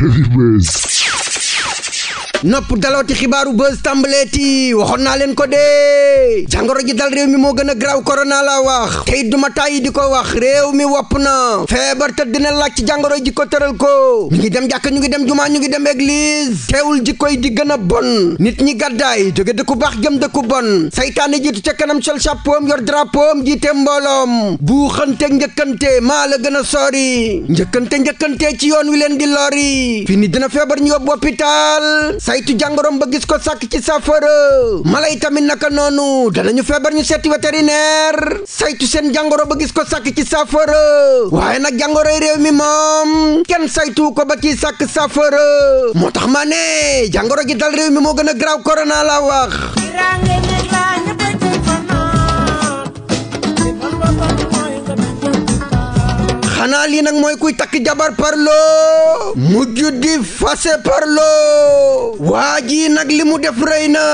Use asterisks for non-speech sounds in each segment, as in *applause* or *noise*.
Heavy Mess. nopp dalooti xibaaru buzz tàmbaleeti waxoon naa leen ko dee jàngoro ji dal réew mi moo gën a graw korona la wax te it duma tàyyi di ko wax réew mi wopp na feebar te dina laaj ci jàngoro ji ko tëral ko ñu ngi dem jàkk ñu ngi dem jumaa ñu ngi dem église teewul ji koy di gën a bon nit ñi gàddaay jóge dëkku baax jëm dëkku bon saytaane jiitu ca kanam sol chapeau am yor drapeau am jiite mbooloom buuxante njëkkante maa la gën a sori njëkkante njëkkante ci yoon wi leen di lori fini feebar ñu saytu jàngoroom ba gis ko sàkk ci saafara mala yi tamit naka noonu danañu feebar ñu seeti vétérinaire saytu seen jàngoro ba gis ko sàkk ci saafara waaye nag jàngoroy réew mi moom kenn saytu ko ba ci sàkk saafara moo tax maa ne jàngoro ji dal moo gën a graaw korona laa wax xanaa lii nag mooy kuy takk jabar parloo mujj di fase parloo waa ji nag li mu def rëy na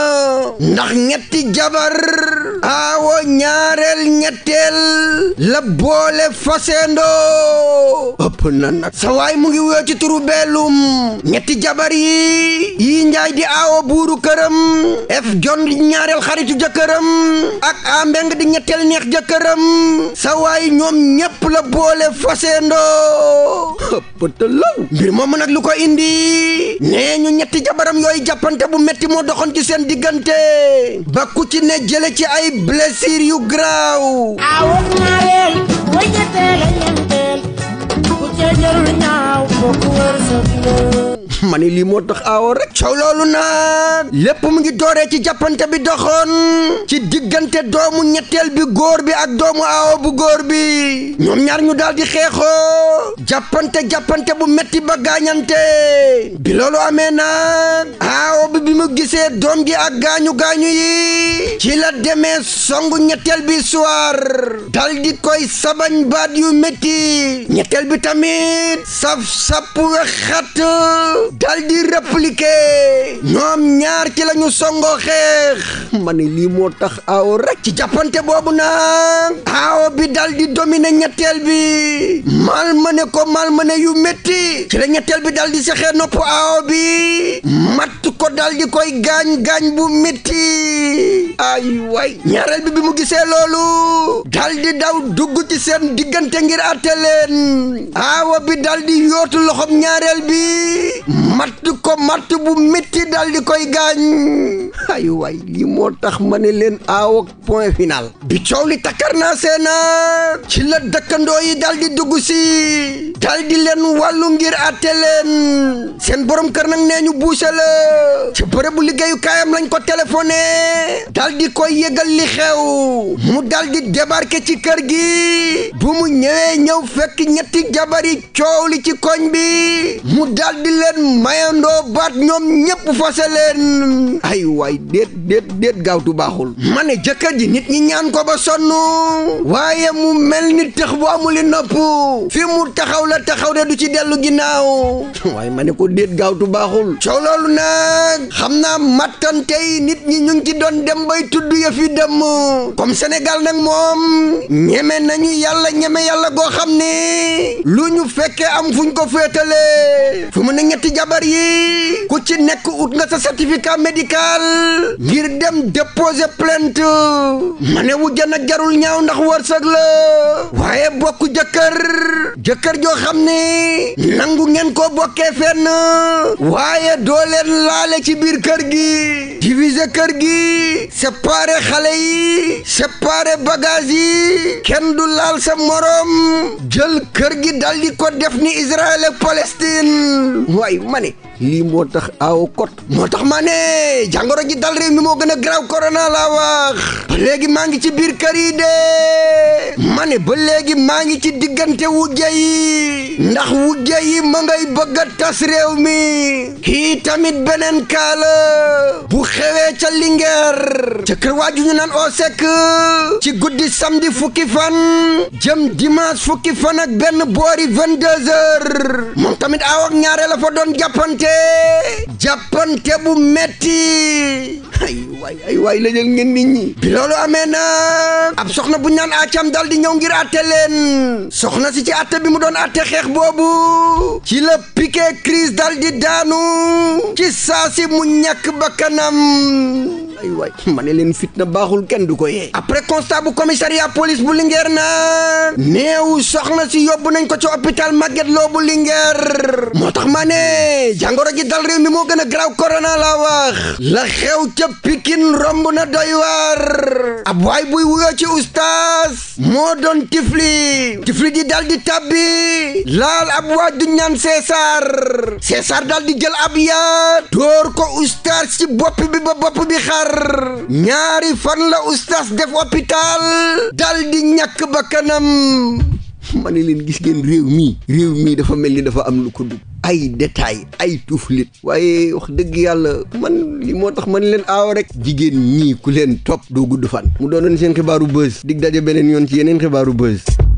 ndax ñetti jabar aaw awo ñaareel ñetteel la boole fasendoo ëpp mu ngi wuyoo ci turu beelum ñetti jabar yi yi njaay di awo buuru këram f jon di ñaareel xaritu jëkkëram ak ambeng di ñetteel neex jëkkëram sa waay ñoom ñépp la boole fasendoo ëpp ta law mbir lu ko indi nee ñu ñetti jabaram yooyu jàppante bu metti moo doxoon ci seen diggante ba ci ne jële ci ay blessé Basiir yu garaaw. awoon naa leen wëññeenteel ak ñeenteel ku ca jarul ñaaw bokk lii moo tax aawoo rek lépp mu ngi dooree ci jàppante bi doxoon ci diggante doomu ñetteel bi góor bi ak doomu aawo bu góor bi ñoom ñaar ñu daal xeexoo jàppante jàppante bu metti ba gaañante bi loolu amee nag aawo gisee doom gi ak gaañu gaañu yi ci la demee songu ñetteel bi soir dal koy sabañ baat yu métti ñetteel bi tamit saf sap wexat dal di répliquer ñoom ñaar ci la songo xeex ma lii moo tax aaw rek jàppante boobu nag aaw bi dal di dominer bi mal ko mal yu métti ci la ñetteel bi dal di nopp aaw bi matt ko dal ko koy gaañ gaañ bu métti ay way ñaareel bi bi mu gisee loolu dal di daw dugg ci seen diggante ngir àtte leen aawa bi dal yootu loxom ñaareel bi matt ko matt bu métti dal koy gaañ ay way li moo tax ma ne leen aawa point final bi coow li takkar naa seena ci la dëkkandoo yi dal di dugg si dal di leen wàllu ngir àtte leen seen borom kër nag nee ñu buuse bërëbu liggéeyukaayam lañ ko téléphoné dal di koy yëgal li xew mu dal di ci kër gi bu mu ñëwee ñëw fekk ñetti jabar yi coow li ci koñ bi mu dal di leen ndoo baat ñoom ñépp fase leen ay waay déet déet déet gaawtu baaxul ma ne jëkkër ji nit ñi ñaan ko ba sonn waaye mu mel ni tëx bu amuli nopp fi mu taxaw la taxaw de du ci dellu ginnaaw *laughs* waaye ma ko déet gaawtu baaxul coow nag maanaam mattante yi nit ñi ñu ngi ci doon dem bay tudd ya fi dem comme Sénégal nag moom ñeme nañu yàlla ñeme yàlla goo xam ne lu ñu fekkee am fuñ ko féetalee fu mu ne ñetti jabar yi ku ci nekk ut nga sa certificat médical ngir dem déposer plainte ma ne wujjan ak jarul ñaaw ndax wërsëg la waaye bokk jëkkër jëkkër joo xam ne nangu ngeen ko bokkee fenn waaye doo leen laale ci biir kër kër gi diviser kër gi séparer xale yi séparer bagage yi kenn du laal sa jël kër gi dal di ko def ni Israël ak waaye ma lii moo tax aaw kot moo tax maa ne jàngoro ji dal réew mi moo gën a graaw corona laa wax ba léegi maa ngi ci biir kër yi de ma ba léegi maa ngi ci diggante wujje yi ndax wujje yi ma ngay bëgg a tas réew mi kii tamit beneen kaala bu xewee ca Linguère ca kër naan oo sekk ci guddi samedi fukki fan jëm dimanche fukki fan ak benn boori 22 moom tamit aaw ak ñaare fa doon jàppante jàppante bu metti ay waay ay waay la jël ngeen nit ñi bi loolu amee ab soxna bu ñaan acam dal di ñëw ngir àtte leen soxna si ci àtte bi mu doon àtte xeex boobu ci la piqué crise dal di daanu ci saa mu ñàkk bakkanam ay waay ma ne leen fitna baaxul kenn du ko yee après constat bu commissariat police bu Linguère na néew soxna si yóbbu nañ ko ci hôpital Magatte Lô bu Linguère moo tax maa ne jàngoro ji dal réew mi moo gën a graw corona la wax la xew ca Pikine romb na doy waar ab waay buy wuyoo ci ustaas moo doon tifli tifli di dal di tabbi laal ab waay du ñaan César César dal di jël ab yaat dóor ko ustaas ci bopp bi ba bopp bi xaar ñaari fan la oustaz def hôpital dal di ñàkk bakkanam man ne leen gis ngeen réew mii réew mii dafa mel ni dafa am lu ko dugg ay détail ay tuuflit waaye wax dëgg yàlla man li moo tax man leen aaw rek jigéen ñii ku leen topp doo gudd fan mu doon doonoon seen xibaaru buzz dig daje beneen yoon ci yeneen xibaaru buzz